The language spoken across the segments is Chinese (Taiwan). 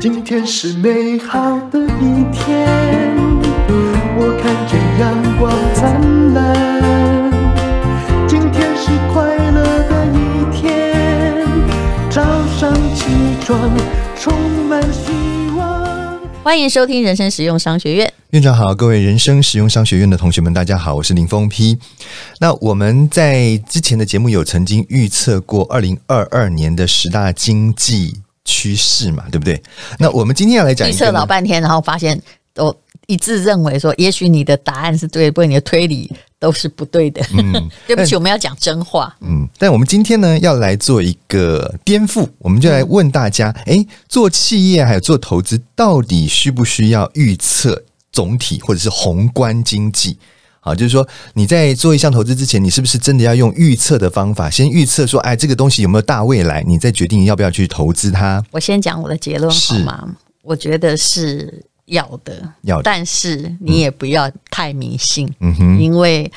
今天是美好的一天，我看見陽光燦爛。今天是快樂的一天，早上起床充滿希望。歡迎收聽《人生實用商學院》。院長好，各位人生實用商學院的同學們，大家好，我是林峰丕。那我們在之前的節目有曾經預測過二零二二年的十大經濟趨勢嘛，對不對？那我們今天要來講預測老半天，然後發現都一致認為說，也許你的答案是對，不過你的推理都是不對的。嗯、 對不起，嗯、我們要講真話。嗯，但我們今天呢要來做一個顛覆，我們就來問大家：哎、嗯，做企業還有做投資，到底需不需要預測？總體或者是宏觀經濟，好，就是說你在做一項投資之前，你是不是真的要用預測的方法，先預測說，哎，這個東西有沒有大未來，你再決定要不要去投資它？我先講我的結論好嗎？是。我覺得是要的，要的。但是你也不要太迷信，嗯哼，因為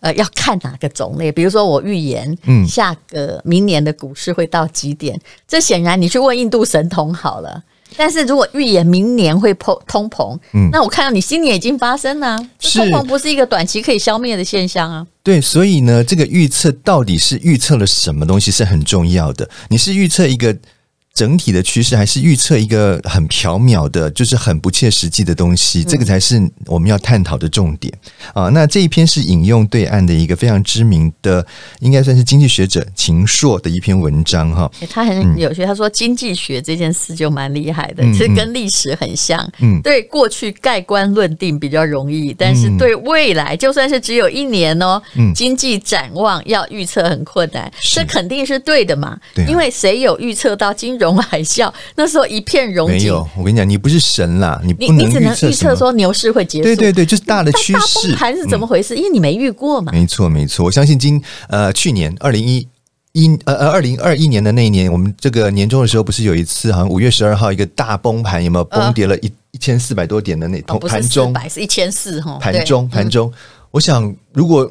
呃要看哪個種類，比如說我預言，嗯，下個明年的股市會到幾點？這顯然你去問印度神童好了。但是如果預言明年會破通膨，嗯，那我看到你新年已經發生了。是，就通膨不是一個短期可以消滅的現象啊。對，所以呢，這個預測到底是預測了什麼東西是很重要的。你是預測一個？整體的趨勢還是預測一個很縹緲的，就是很不切實際的東西，這個才是我們要探討的重點啊。那這一篇是引用對岸的一個非常知名的，應該算是經濟學者秦朔的一篇文章哈。他很有趣，他說經濟學這件事就蠻厲害的，這跟歷史很像，對過去蓋棺論定比較容易，但是對未來，就算是只有一年哦，經濟展望要預測很困難，這肯定是對的嘛。因為誰有預測到經融海嘯，那時候一片熔。沒有，我跟你講，你不是神啦，你不你,你只能預測,預測說牛市會結束。對對對，就是大的趨勢。大崩盤是怎麼回事？嗯、因為你沒遇過嘛。沒錯沒錯，我相信今呃去年二零一一呃呃二零二一年的那一年，我們這個年終的時候不是有一次，好像五月十二號一個大崩盤，有沒有崩跌了一一千四百多點的那盤、呃、盤中？哦、是一一千四哈。盤中、嗯、盤中，我想如果。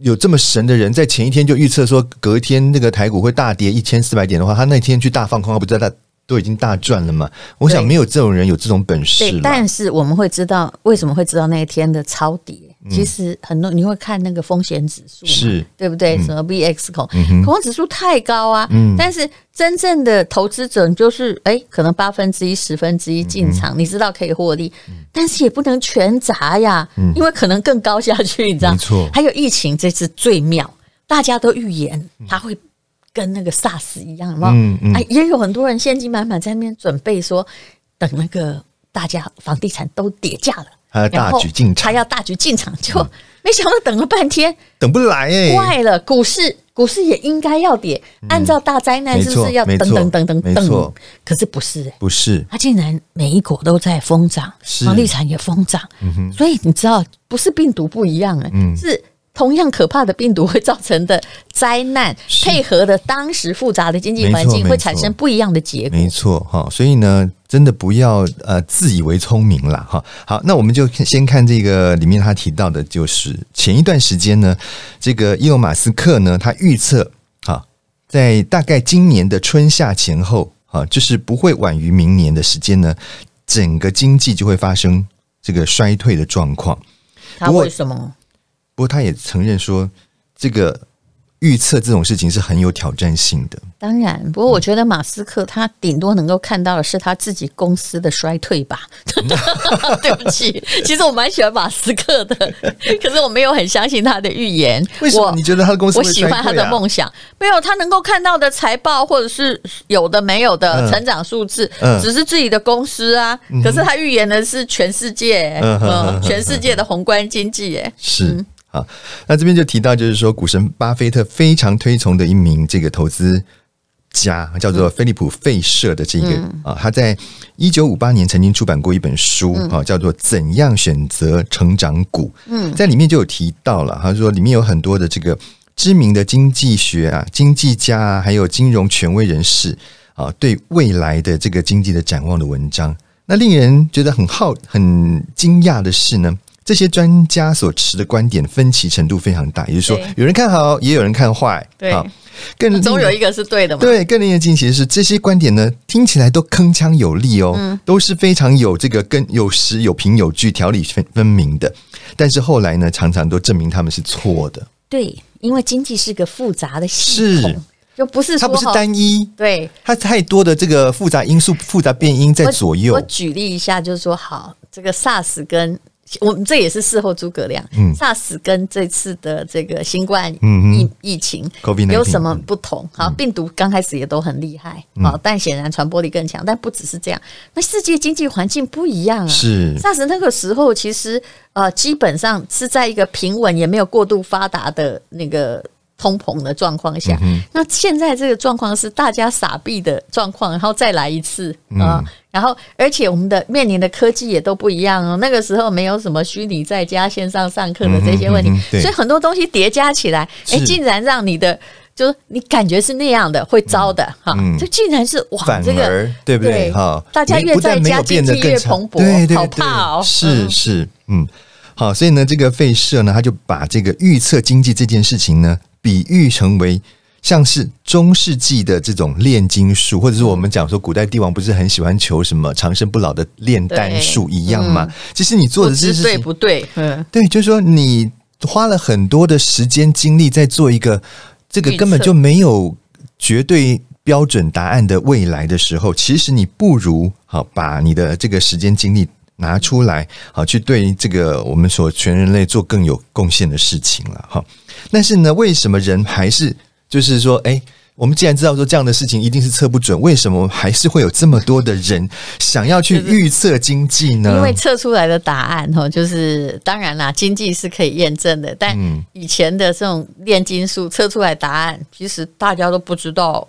有這麼神的人，在前一天就預測說隔天那個台股會大跌一千四百點的話，他那天去大放空，他不知道他都已經大賺了嘛？我想沒有這種人有這種本事。對，但是我們會知道為什麼會知道那一天的超跌。嗯、其實很多你會看那個風險指數，是對不對？嗯、什麼 VX 口恐慌、嗯、哼 指數太高啊！嗯、但是真正的投資者就是哎、欸，可能八分之一、十分之一進場，嗯、哼 你知道可以獲利，但是也不能全砸呀，嗯、因為可能更高下去。你知道？沒錯 還有疫情這次最妙，大家都預言它會跟那個 SARS 一樣，有沒有？嗯嗯、哎，也有很多人現金滿滿在那邊準備說，等那個大家房地產都跌價了。他要大舉進場，他要大舉進場，就沒想到等了半天，等不來哎，怪了！股市股市也應該要跌，按照大災難是不是要等等等等等？可是不是？不是，他竟然每一股都在瘋漲，房地產也瘋漲，所以你知道，不是病毒不一樣哎，是同樣可怕的病毒會造成的災難，配合的當時複雜的經濟環境，會產生不一樣的結果。沒錯，哈，所以呢。真的不要呃自以為聰明了哈。好，那我們就先看這個裡面他提到的，就是前一段時間呢，這個伊隆馬斯克呢，他預測啊，在大概今年的春夏前後啊，就是不會晚於明年的時間呢，整個經濟就會發生這個衰退的狀況。他為什麼不，不過他也承認說這個。預測這種事情是很有挑戰性的。當然，不過我覺得馬斯克他頂多能夠看到的是他自己公司的衰退吧。 對不起，其實我蠻喜歡馬斯克的，可是我沒有很相信他的預言。為什麼我你覺得他的公司、啊？我喜歡他的夢想。沒有，他能夠看到的財報或者是有的沒有的成長數字，嗯嗯、只是自己的公司啊。可是他預言的是全世界，全世界的宏觀經濟耶、欸。是。嗯啊，那這邊就提到，就是說，股神巴菲特非常推崇的一名這個投資家，叫做菲利普費舍的這個啊，他在一九五八年曾經出版過一本書啊，叫做《怎樣選擇成長股》。嗯，在裡面就有提到了，他說裡面有很多的這個知名的經濟學啊、經濟家啊、還有金融權威人士啊，對未來的這個經濟的展望的文章。那令人覺得很好、很驚訝的是呢，這些專家所持的觀點分歧程度非常大，也就是說，有人看好，也有人看壞。對，更總有一個是對的嘛？對，更令人驚奇的是，這些觀點呢，聽起來都鏗鏘有力哦，嗯、都是非常有這個跟有實有憑有據、條理分分明的。但是後來呢，常常都證明他們是錯的。對，因為經濟是個複雜的系統，是就不是說它不是單一。對，它太多的這個複雜因素、複雜變因在左右。我，我舉例一下，就是說，好，這個 SARS 跟我們這也是事後諸葛亮。嗯，薩斯跟這次的這個新冠疫疫情，嗯 COVID-19，有什麼不同？好，病毒剛開始也都很厲害，好，嗯哦，但顯然傳播力更強。但不只是這樣，那世界經濟環境不一樣啊。是，薩斯那個時候其實呃，基本上是在一個平穩，也沒有過度發達的那個。通膨的狀況下，那現在這個狀況是大家撒幣的狀況，然後再來一次啊！然後，而且我們的面臨的科技也都不一樣哦。那個時候沒有什麼虛擬在家線上上課的這些問題，所以很多東西疊加起來，哎，竟然讓你的，就是你感覺是那樣的會糟的哈！就竟然是哇，這個對不對哈？大家越在家經濟越蓬勃，對對，好怕哦。是是，嗯，好，所以呢，這個費舍呢，他就把這個預測經濟這件事情呢，比喻成為像是中世紀的這種煉金術，或者是我們講說古代帝王不是很喜歡求什麼長生不老的煉丹術一樣嘛？嗯，其實你做的這是對不對？嗯，對，就是說你花了很多的時間精力在做一個這個根本就沒有絕對標準答案的未來的時候，其實你不如好把你的這個時間精力，拿出來，好去對這個我們所全人類做更有貢獻的事情了哈，但是呢，為什麼人還是就是說，哎，我們既然知道說這樣的事情一定是測不準，為什麼還是會有這麼多的人想要去預測經濟呢？因為測出來的答案哈，就是當然啦，經濟是可以驗證的，但以前的這種煉金術測出來答案，其實大家都不知道。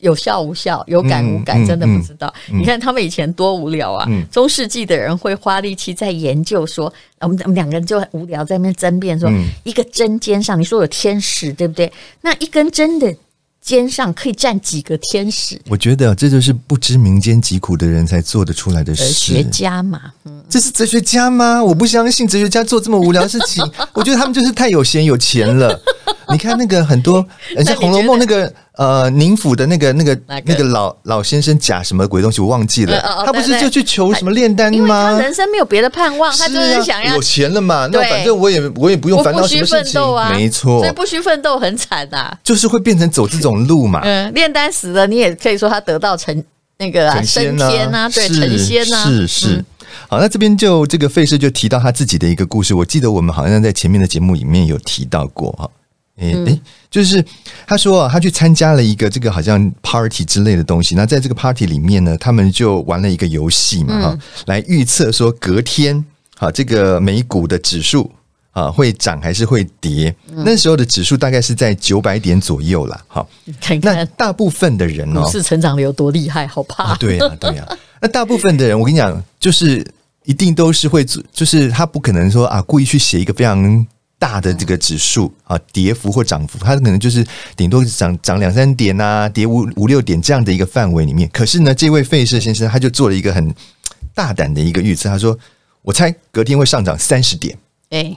有效無效，有感無感，嗯嗯嗯、真的不知道。你看他們以前多無聊啊！嗯、中世紀的人會花力氣在研究說，說我們我們兩個人就很無聊，在那邊爭辯說，嗯、一個針尖上，你說有天使對不對？那一根針的尖上可以站幾個天使？我覺得這就是不知民間疾苦的人才做得出來的事。哲學家嘛，嗯、這是哲學家嗎？我不相信哲學家做這麼無聊事情。 我覺得他們就是太有閒有錢了。 你看那個很多，人家《紅樓夢》那個呃寧府的那個那個那個老老先生賈什麼鬼東西，我忘記了，他不是就去求什麼煉丹嗎？人生沒有別的盼望，他就是想要有錢了嘛。那反正我也我也不用煩惱，不需奮鬥啊。沒錯，所以不需奮鬥很慘啊，就是會變成走這種路嘛。煉丹死了，你也可以說他得道成那個升天啊，對，成仙啊，是是。好，那這邊就這個費事就提到他自己的一個故事，我記得我們好像在前面的節目裡面有提到過哎哎誒、嗯，就是他說啊，他去參加了一個這個好像 party 之類的東西。那在這個 party 裡面呢，他們就玩了一個遊戲嘛，哈、嗯，來預測說隔天好這個美股的指數啊會漲還是會跌。嗯、那時候的指數大概是在九百點左右啦。哈，那大部分的人呢，是成長的有多厲害，好怕。對呀，對呀。那大部分的人，我跟你講，就是一定都是會做，就是他不可能說啊故意去寫一個非常。大的這個指數啊，跌幅、或漲幅，它可能就是頂多是漲漲兩三點吶、啊，跌五五六點這樣的一個範圍裡面。可是呢，這位費舍先生他就做了一個很大膽的一個預測，他說：“我猜隔天會上漲三十點。欸”哎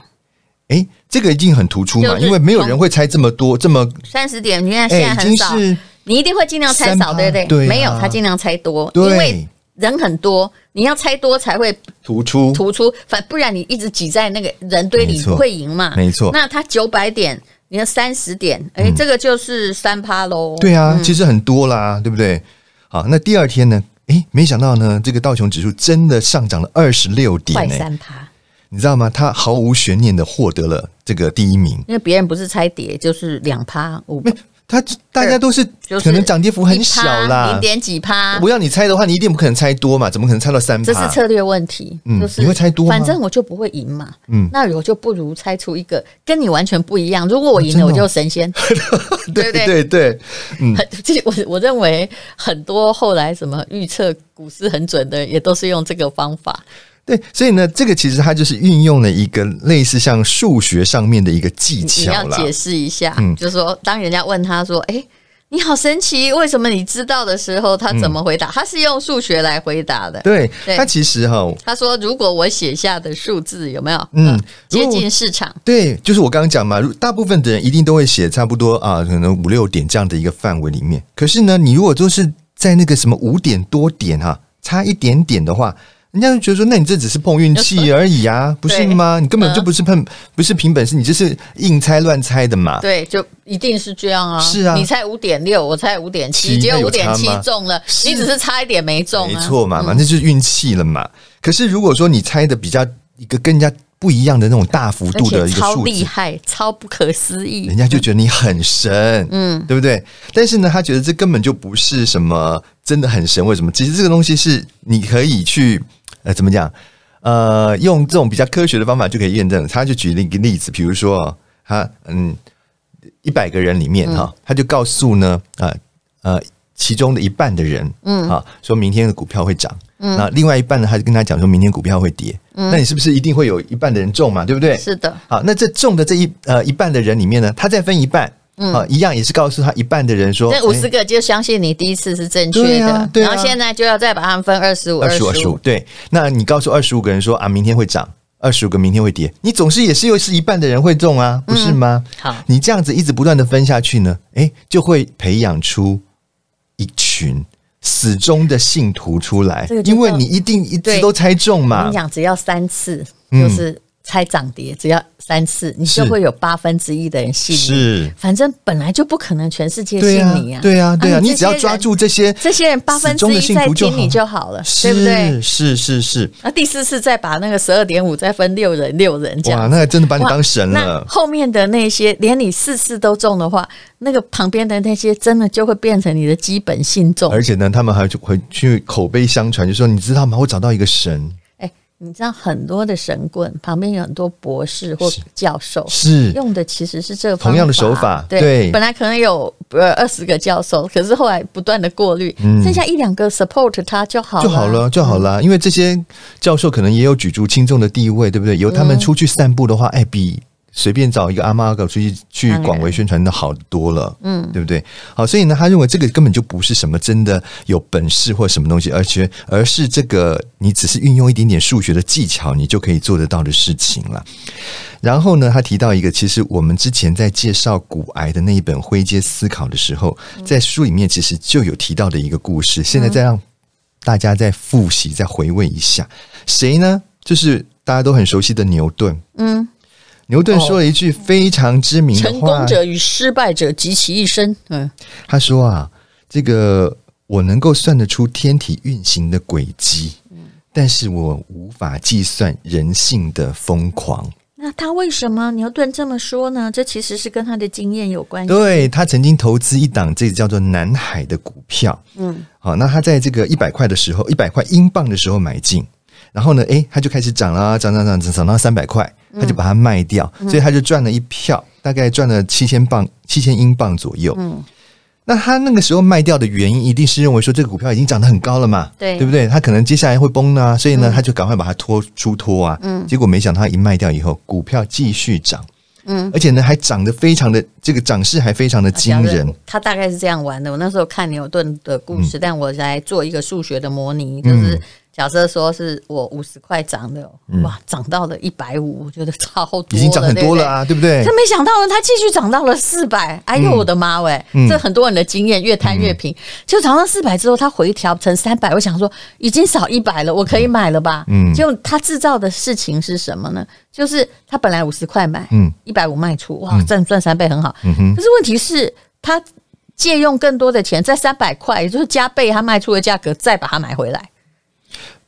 哎、欸，這個一定很突出嘛，因為沒有人會猜這麼多這麼三十點，你看現在很少，欸、你一定會盡量猜少，對不對？對啊、沒有，他盡量猜多，對因為。人很多，你要猜多才會突出，突出反，不然你一直擠在那個人堆裡會贏嘛？沒錯。沒錯，那他九百點，你要三十點，哎、嗯，這個就是三趴嘍。咯對啊，嗯、其實很多啦，對不對？好，那第二天呢？哎，沒想到呢，這個道瓊指數真的上漲了二十六點、欸，快三趴，你知道嗎？他毫無懸念的獲得了這個第一名，因為別人不是猜跌就是兩趴五。他大家都是可能漲跌幅很小啦，零點幾趴。不要你猜的話，你一定不可能猜多嘛，怎麼可能猜到三趴？這是策略問題。就是、嗯，你會猜多嗎？反正我就不會贏嘛。嗯，那我就不如猜出一個跟你完全不一樣。如果我贏了，我就神仙。哦哦、 對對，對對對，嗯，這我我認為很多後來什麼預測股市很準的人，也都是用這個方法。對，所以呢，這個其實他就是運用了一個類似像數學上面的一個技巧，你，你要解釋一下，嗯，就是說，當人家問他說：“哎，你好神奇，為什麼你知道？”的時候，他怎麼回答？嗯、他是用數學來回答的。對，對他其實哈、哦，他說：“如果我寫下的數字有沒有？嗯，接近市場？對，就是我剛剛講嘛，大部分的人一定都會寫差不多啊，可能五六點這樣的一個範圍裡面。可是呢，你如果就是在那個什麼五點多點哈、啊，差一點點的話。”人家就覺得說，那你這只是碰運氣而已啊，不是嗎？呃、你根本就不是碰，不是憑本事，你這是硬猜亂猜的嘛？對，就一定是這樣啊！是啊，你猜五點六，我猜五點七，只有五點七中了，是你只是差一點沒中，啊，沒錯嘛，反正，嗯、就是運氣了嘛。可是如果說你猜的比較一個跟人家不一樣的那種大幅度的一個數字，超厲害，超不可思議，人家就覺得你很神，嗯，對不對？但是呢，他覺得這根本就不是什麼真的很神，為什麼？其實這個東西是你可以去。呃，怎麼講？呃，用這種比較科學的方法就可以驗證。他就舉了一個例子，比如說，他嗯，一百個人裡面哈，嗯、他就告訴呢，啊呃，呃，其中的一半的人，嗯啊，說明天的股票會漲，嗯，那另外一半呢，他就跟他講說明天股票會跌，嗯，那你是不是一定會有一半的人中嘛，對不對？是的。好，那這中的這一呃一半的人裡面呢，他再分一半。啊，一樣也是告訴他一半的人說，那五十個就相信你第一次是正確的，哎，對啊對啊，然後現在就要再把他們分二十五、二十五，對，那你告訴二十五個人說啊，明天會漲，二十五個明天會跌，你總是也是又是一半的人會中啊，嗯、不是嗎？好，你這樣子一直不斷的分下去呢，哎，就會培養出一群死忠的信徒出來，就是、因為你一定一直都猜中嘛，你講只要三次就是。猜漲跌，只要三次，你就會有八分之一的人信你。是，反正本來就不可能全世界信你呀、啊啊，對呀、啊，對呀、啊。嗯、你只要抓住這些的，這些人八分之一在聽你就好了，是對不對？是是是。那第四次再把那個十二點五再分六人六人，人這樣哇，那還真的把你當神了。後面的那些連你四次都中的話，那個旁邊的那些真的就會變成你的基本信眾。而且呢，他們還會去口碑相傳，就是、說你知道嗎？我找到一個神。你知道很多的神棍旁邊有很多博士或教授，是，是用的其實是這個方法，同樣的手法。對，對本來可能有呃二十個教授，可是後來不斷的過濾，嗯、剩下一兩個 support 他就好了就好了就好了。好了嗯、因為這些教授可能也有舉足輕重的地位，對不對？由他們出去散步的話，哎，比。隨便找一個阿貓阿狗出去去廣為宣傳都好多了，嗯，對不對？好，所以呢，他認為這個根本就不是什麼真的有本事或什麼東西，而且而是這個你只是運用一點點數學的技巧，你就可以做得到的事情了。然後呢，他提到一個，其實我們之前在介紹股癌的那一本《灰階思考》的時候，在書裡面其實就有提到的一個故事，現在再讓大家再複習、再回味一下，誰呢？就是大家都很熟悉的牛頓，嗯。牛頓說了一句非常知名的話、啊：“成功者與失敗者集其一身。”嗯，他說啊，“這個我能夠算得出天體運行的軌跡，嗯、但是我無法計算人性的瘋狂。嗯”那他為什麼牛頓這麼說呢？這其實是跟他的經驗有關係。對，他曾經投資一檔這個叫做南海的股票，嗯，好，那他在這個一百塊的時候，一百塊英鎊的時候買進，然後呢，哎、欸，他就開始漲啦，漲漲漲漲漲到三百塊。他就把它賣掉，所以他就賺了一票，大概賺了七千磅、七千英鎊左右。嗯，那他那個時候賣掉的原因，一定是認為說這個股票已經漲得很高了嘛，對，對不對？他可能接下來會崩呢，所以呢，他就趕快把它拖出拖啊。結果沒想到他一賣掉以後，股票繼續漲，嗯，而且呢還漲得非常的這個漲勢還非常的驚人。他大概是這樣玩的。我那時候看牛頓的故事，但我在做一個數學的模擬，就是。假設說是我五十塊漲了，哇，漲到了一百五，我覺得超多、嗯、已經漲很多了啊，對不對？他沒想到呢，他繼續漲到了四百，哎呦我的媽喂，這很多人的經驗越攤越平，就漲到四百之後，他回調成三百，我想說已經少一百了，我可以買了吧？嗯，就他制造的事情是什麼呢？就是他本來五十塊買，嗯，一百五賣出，哇，賺賺三倍很好。嗯，但是問題是，他借用更多的錢，在三百塊，也就是加倍他賣出的價格，再把它買回來。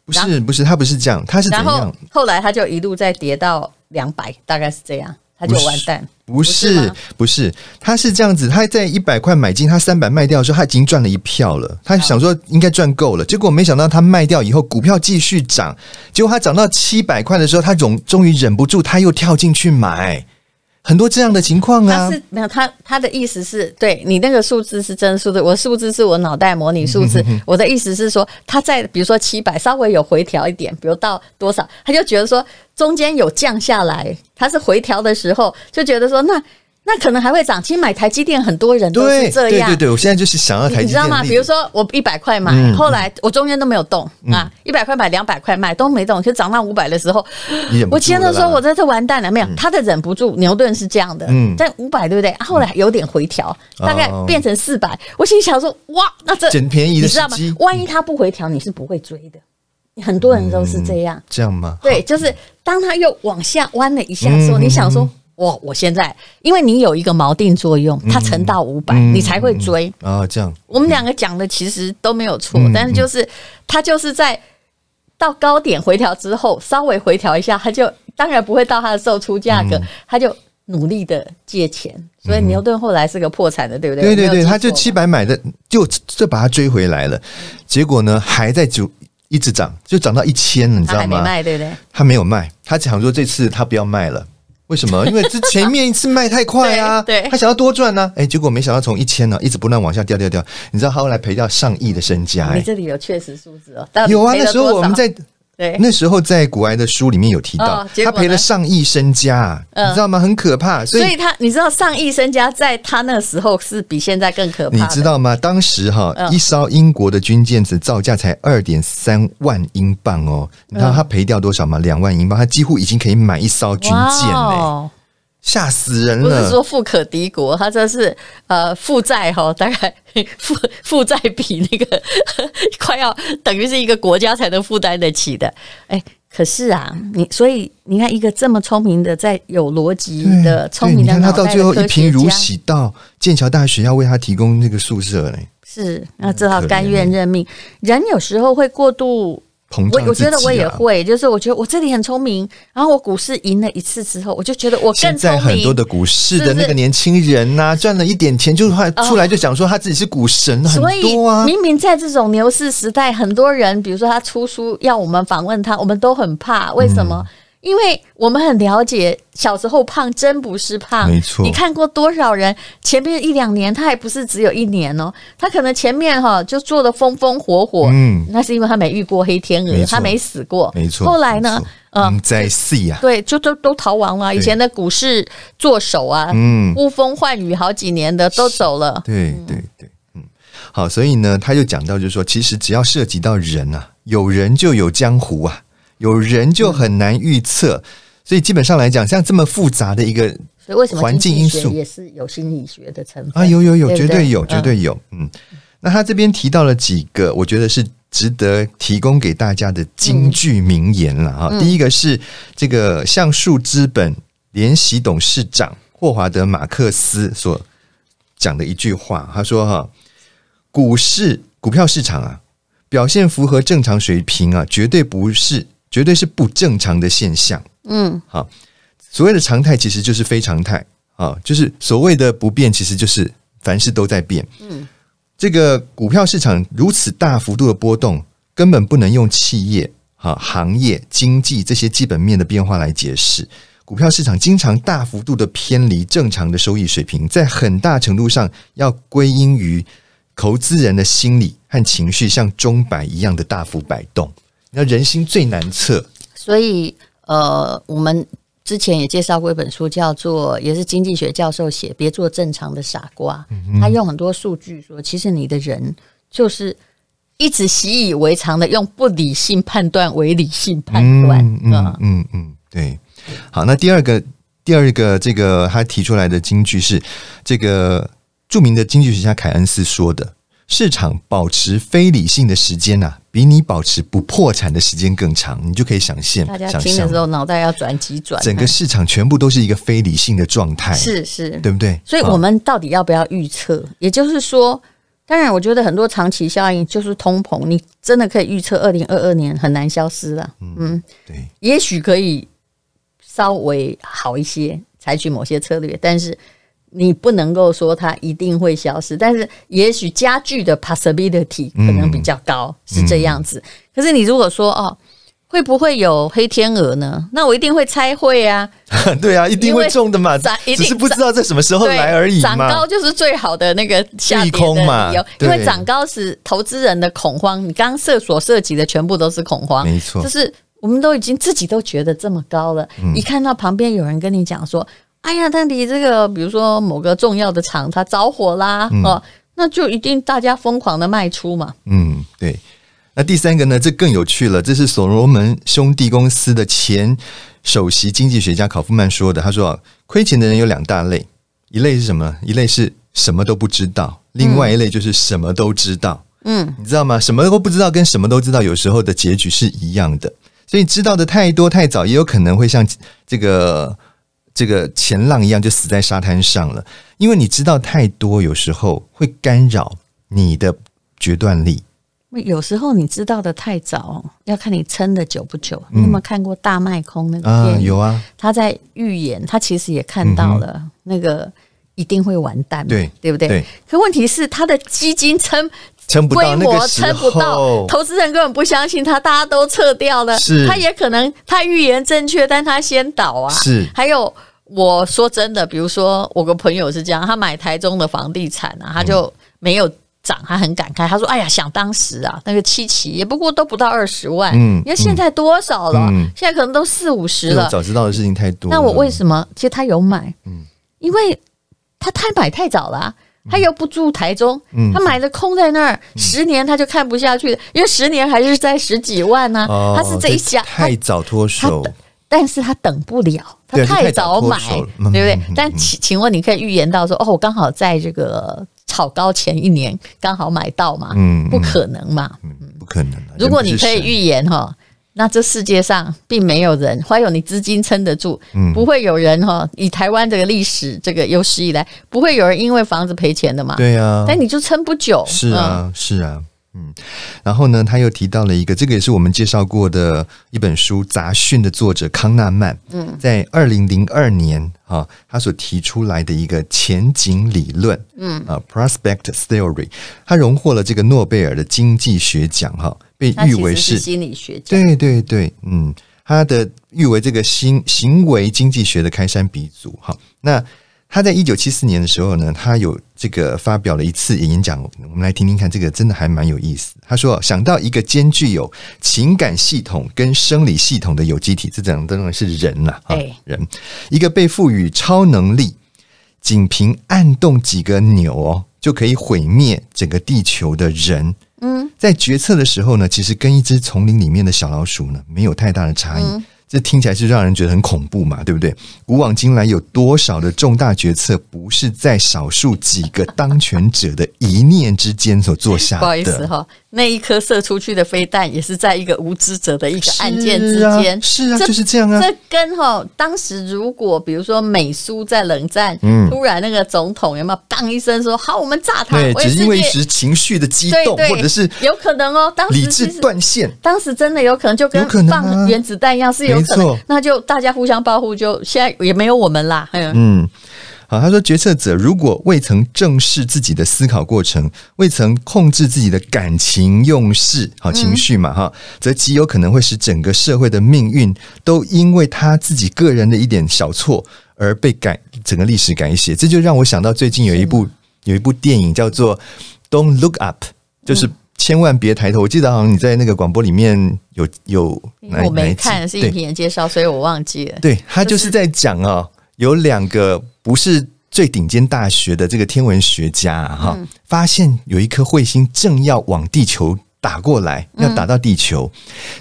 不是不是，他不是這樣，他是怎樣？然後，後來他就一路再跌到兩百，大概是這樣，他就完蛋。不是，不是，不，是不是，他是這樣子，他在一百塊買進，他三百賣掉的時候，他已經賺了一票了。他想說應該賺夠了，好結果沒想到他賣掉以後，股票繼續漲，結果他漲到七百塊的時候，他總終，終於忍不住，他又跳進去買。很多這樣的情況啊，他是沒有他，他的意思是對，你那個數字是真數字，我數字是我腦袋模擬數字，嗯、哼哼，我的意思是說他在比如說七百稍微有回調一點，比如到多少，他就覺得說中間有降下來，他是回調的時候就覺得說那。那可能還會漲，其實買台積電很多人都是這樣。對對對，我現在就是想要台積電，你知道嗎？比如說我一百塊買，後來我中間都沒有動啊，一百塊買兩百塊買都沒動，就漲到五百的時候，我前頭說我這次完蛋了沒有？他這忍不住，牛頓是這樣的，嗯，但五百對不對？啊，後來有點回調，大概變成四百，我心裡想說哇，那這撿便宜的時機，萬一他不回調，你是不會追的。很多人都是這樣，這樣嗎？對，就是當他又往下彎了一下的時候，你想說。我我現在，因為你有一個錨定作用，它沉到五百、嗯，你才會追啊、嗯嗯哦。這樣，我們兩個講的其實都沒有錯，嗯、但是就是它就是在到高點回調之後，稍微回調一下，它就當然不會到它的售出價格，嗯、它就努力的借錢。嗯、所以牛頓後來是個破產的，對不對？對對對，他就七百買的，就就把它追回來了。嗯、結果呢，還在就一直漲，就漲到一千了，你知道嗎？它還沒賣，對不對？他沒有賣，他想說這次他不要賣了。為什麼？因為這前面一次賣太快啊， 對對他想要多賺呢、啊。哎、欸，結果沒想到從一千呢一直不斷往下掉掉掉，你知道他後來賠掉上億的身家哎、欸。你這裡有確實數字哦？有啊，那時候我們在。對那時候在國外的書裡面有提到，哦、他賠了上億身家，嗯、你知道嗎？很可怕。所以，所以他，你知道上億身家在他那時候是比現在更可怕，你知道嗎？當時哈、嗯、一艘英國的軍艦只造價才二點三萬英鎊哦，你知道他賠掉多少嗎？兩萬英鎊，他幾乎已經可以買一艘軍艦嘞。嚇死人了！不是說富可敵國，他這是呃負債哈、哦，大概負負債比那個快要等於是一個國家才能負擔得起的。哎，可是啊，你所以你看一個這麼聰明的，在有邏輯的對聰明的人，他到最後一貧如洗，到劍橋大學要為他提供那個宿舍嘞。是，那只好甘願認命。人有時候會過度。我、啊、我覺得我也會，就是我覺得我這裡很聰明，然後我股市贏了一次之後，我就覺得我更聰明。現在很多的股市的那個年輕人吶、啊，是是賺了一點錢就是他出來就想說他自己是股神，很多啊。哦、所以明明在這種牛市時代，很多人比如說他出書要我們訪問他，我們都很怕，為什麼？嗯因為我們很了解，小時候胖真不是胖，沒錯。你看過多少人？前面一兩年他還不是只有一年哦，他可能前面哈就做的風風火火，嗯，那是因為他沒遇過黑天鵝，沒錯他沒死過，沒錯。後來呢，嗯錯，呃、在 C 啊對，對，就都都逃亡了。對以前的股市作手啊，呼、嗯、呼風喚雨好幾年的都走了，對對對，對，嗯。好，所以呢，他就講到，就是說，其實只要涉及到人啊，有人就有江湖啊。有人就很難預測，所以基本上來講，像這麼複雜的一個，所以為什麼環境因素也是有心理學的成分啊？有有有，絕對有，絕對有。嗯，那他這邊提到了幾個，我覺得是值得提供給大家的金句名言了哈。第一個是這個橡樹資本聯席董事長霍華德·馬克斯所講的一句話，他說：“哈，股市、股票市場啊，表現符合正常水平啊，絕對不是。”絕對是不正常的現象。嗯，好，所謂的常態其實就是非常態啊，就是所謂的不變，其實就是凡事都在變。嗯，這個股票市場如此大幅度的波動，根本不能用企業、哈行業、經濟這些基本面的變化來解釋。股票市場經常大幅度的偏離正常的收益水平，在很大程度上要歸因於投資人的心理和情緒像鐘擺一樣的大幅擺動。那人心最難測，所以呃，我們之前也介紹過一本書，叫做也是經濟學教授寫，別做正常的傻瓜。嗯、哼他用很多數據說，其實你的人就是一直習以為常的用不理性判斷為理性判斷。嗯嗯嗯，嗯對。對，好，那第二個第二個這個他提出來的金句是，這個著名的經濟學家凱恩斯說的：市場保持非理性的時間啊。比你保持不破產的時間更長，你就可以想象。大家聽的時候腦袋要轉幾轉。整個市場全部都是一個非理性的狀態，是是，對不對？所以我們到底要不要預測？也就是說，當然，我覺得很多長期效應就是通膨，你真的可以預測，二零二二年很難消失了。嗯，對嗯，也許可以稍微好一些，採取某些策略，但是。你不能夠說它一定會消失，但是也許加劇的可能性可能比較高，嗯、是這樣子。嗯、可是你如果說哦，會不會有黑天鵝呢？那我一定會猜會啊，啊，對啊，一定會中的嘛，為只是不知道在什麼時候來而已。漲高就是最好的那個下跌的理由，利空嘛，因為漲高是投資人的恐慌。對你剛剛涉所涉及的全部都是恐慌，沒錯錯，就是我們都已經自己都覺得這麼高了，嗯、一看到旁邊有人跟你講說。哎呀，淡如，這個比如說某個重要的廠它着火啦，哦，嗯，呃，那就一定大家瘋狂的賣出嘛。嗯，對。那第三個呢，這更有趣了。這是所羅門兄弟公司的前首席經濟學家考夫曼說的。他說啊，虧錢的人有兩大類，一類是什麼？一類是什麼都不知道，另外一類就是什麼都知道。嗯，你知道嗎？什麼都不知道跟什麼都知道，有時候的結局是一樣的。所以知道的太多太早，也有可能會像這個。這個前浪一樣就死在沙灘上了，因為你知道太多，有時候會干擾你的決斷力。有時候你知道的太早，要看你撐得久不久。你有沒有看過大賣空那個電影，嗯、啊有啊，他在預演，他其實也看到了那個一定會完蛋，嗯，對對不對？對。可問題是他的基金撐。規模撐不到，不到投資人根本不相信他，大家都撤掉了。是，他也可能他預言正確，但他先倒啊。是，還有我說真的，比如說我個朋友是這樣，他買台中的房地產啊，他就沒有漲，他很感慨，嗯、他說：“哎呀，想當時啊，那個七七，也不過都不到二十萬，嗯，嗯，你看現在多少了？嗯、現在可能都四五十了。早知道的事情太多。那我為什麼？其實他有買，嗯，因為他太買太早了、啊。”他又不住台中，他買的空在那兒，嗯、十年他就看不下去了，嗯、因為十年還是在十幾萬呢、啊。哦、他是這一家太早脫手，但是他等不了，他太早買，對啊、就太早脫手了，對不對？嗯嗯、但請請問，你可以預言到說，哦，我剛好在這個炒高前一年剛好買到嘛？嗯、不可能嘛？嗯，不可能。如果你可以預言哈。那這世界上並沒有人，還有你資金撐得住，嗯、不會有人哈？以台灣這個歷史，這個有史以來，不會有人因為房子賠錢的嘛？對呀、啊，但你就撐不久。是啊，嗯、是啊。嗯，然後呢，他又提到了一個，這個也是我們介紹過的一本書《雜訊》的作者康納曼，嗯，在二零零二年哈、啊，他所提出來的一個前景理論，嗯啊，Prospect Theory，他榮獲了這個諾貝爾的經濟學獎哈，被譽為是，是心理學獎，對對對，嗯，他的譽為這個行行為經濟學的開山鼻祖哈、啊，那。他在一九七四年的時候呢，他有這個發表了一次演講，我們來聽聽看，這個真的還蠻有意思。他說，想到一個兼具有情感系統跟生理系統的有機體，這講當然是人了啊、哎、啊，人，一個被賦予超能力，僅憑按動幾個鈕哦，就可以毀滅整個地球的人，嗯，在決策的時候呢，其實跟一只叢林裡面的小老鼠呢，沒有太大的差異。嗯這聽起來是讓人覺得很恐怖嘛，對不對？古往今來，有多少的重大決策不是在少數幾個當權者的一念之間所做下的？ 不好意思哈那一顆射出去的飛彈，也是在一個無知者的一個案件之間，啊，是啊，這就是這樣啊。這跟哈，哦，當時如果比如說美蘇在冷戰，嗯，突然那個總統有沒有砰一聲說：“好，我們炸他？”對，是只是因為一時情緒的激動，對對或者是理智有可能哦，當時斷線，當時真的有可能就跟放原子彈一樣，是有可能，可能啊，那就大家互相報復就，就現在也沒有我們啦，嗯。嗯啊，他說，決策者如果未曾正視自己的思考過程，未曾控制自己的感情用事，好情緒嘛，哈、嗯，則極有可能會使整個社會的命運都因為他自己個人的一點小錯而被改，整個歷史改寫。這就讓我想到最近有一部是有一部電影叫做《Don't Look Up》，就是千萬別抬頭。嗯、我記得好像你在那個廣播裡面有有我沒看是影評人介紹，對所以我忘記了。對，他就是、就是、在講哦，有兩個。不是最頂尖大學的這個天文學家哈、啊，發現有一顆彗星，正要往地球打過來，要打到地球。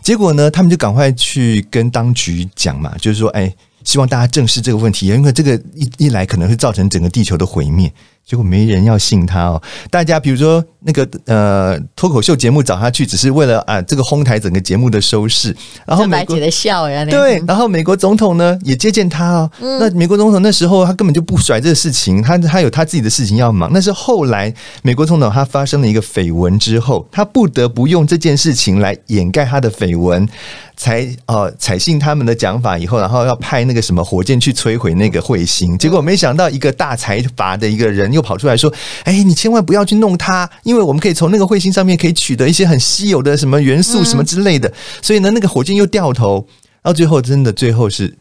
結果呢，他們就趕快去跟當局講嘛，就是說，哎，希望大家正視這個問題，因為這個一一來可能會造成整個地球的毀滅。結果沒人要信他哦。大家比如說那個呃、脫口秀節目找他去，只是為了啊、呃、這個哄抬整個節目的收視。然後美國的笑呀、呃，對，然後美國總統呢也接見他哦。嗯、那美國總統那時候他根本就不甩這個事情，他他有他自己的事情要忙。那是後來美國總統他發生了一個緋聞之後，他不得不用這件事情來掩蓋他的緋聞，才呃採信他們的講法以後，然後要派那個什麼火箭去摧毀那個彗星。結果沒想到一個大財閥的一個人又。跑出來說：“哎，你千萬不要去弄它，因為我們可以從那個彗星上面可以取得一些很稀有的什麼元素什麼之類的。嗯、所以呢，那個火箭又掉頭，到最後真的最後是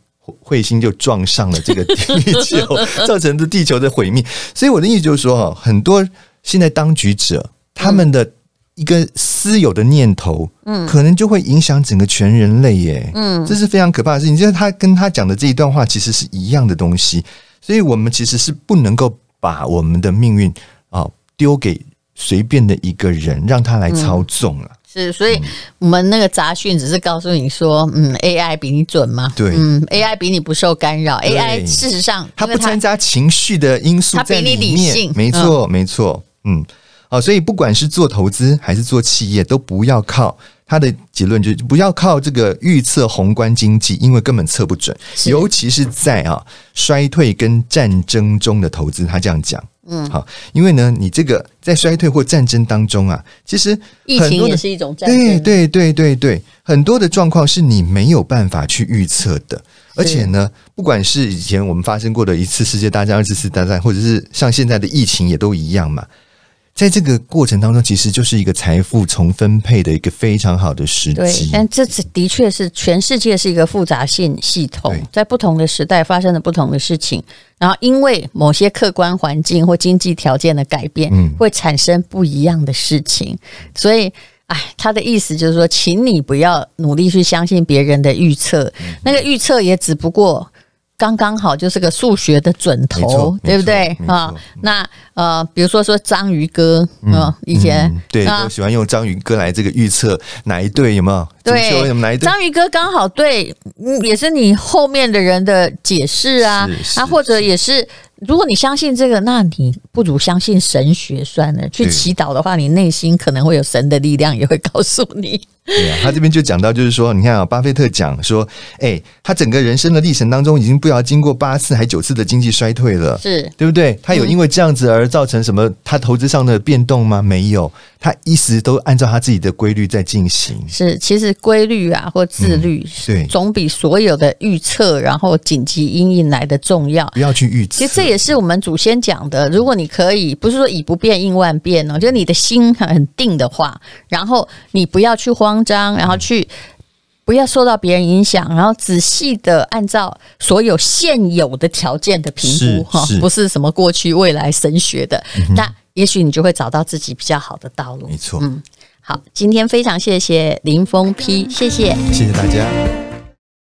彗星就撞上了這個地球， 造成了地球的毀滅。所以我的意思就是說，哈，很多現在當局者他們的一個私有的念頭，嗯，可能就會影響整個全人類耶，嗯，這是非常可怕的事情。就是他跟他講的這一段話其實是一樣的東西，所以我們其實是不能夠。”把我們的命運啊丟給隨便的一個人，讓他來操縱了、嗯。是，所以我們那個雜訊只是告訴你說，嗯，AI 比你準嗎？對，嗯，AI 比你不受干擾，AI 事實上它不參加情緒的因素在裡面，它比你理性，沒錯，嗯、沒錯，嗯。好，所以不管是做投資還是做企業，都不要靠他的結論，就是、不要靠這個預測宏觀經濟，因為根本測不準。是尤其是在啊衰退跟戰爭中的投資，他這樣講，嗯，好，因為呢，你這個在衰退或戰爭當中啊，其實很多疫情也是一種戰爭，對對對對對，很多的狀況是你沒有辦法去預測的，是而且呢，不管是以前我們發生過的一次世界大戰、二次世界大戰，或者是像現在的疫情，也都一樣嘛。在這個過程當中，其實就是一個財富重分配的一個非常好的時機。對。但這次的確是，全世界是一個複雜性系統，對在不同的時代發生了不同的事情，然後因為某些客觀環境或經濟條件的改變，會產生不一樣的事情。嗯、所以，哎，他的意思就是說，請你不要努力去相信別人的預測，嗯、那個預測也只不過。剛剛好就是個數學的準頭，沒錯，對不對沒錯，啊？那呃，比如說，說章魚哥嗯，以前、嗯、對，啊、我喜歡用章魚哥來這個預測哪一隊有沒有？對，章魚哥剛好對，也是你後面的人的解釋啊，啊，或者也是。如果你相信這個，那你不如相信神學算了。去祈禱的話，你內心可能會有神的力量，也會告訴你。對啊，他這邊就講到，就是說，你看啊，巴菲特講說，誒、欸，他整個人生的歷程當中，已經不要經過八次還九次的經濟衰退了，是對不對？他有因為這樣子而造成什麼他投資上的變動嗎？沒有，他一直都按照他自己的規律在進行。是，其實規律啊，或自律，對，總比所有的預測、嗯、然後緊急因應來的重要。不要去預測，也是我們祖先講的，如果你可以，不是說以不變應萬變哦。就是你的心很定的話，然後你不要去慌張，然後去、嗯、不要受到別人影響，然後仔細的按照所有現有的條件的評估哈、哦，不是什麼過去未來神學的，嗯、哼那也許你就會找到自己比較好的道路。沒錯，嗯，好，今天非常謝謝林峰丕，、哎、呀謝謝，謝謝大家。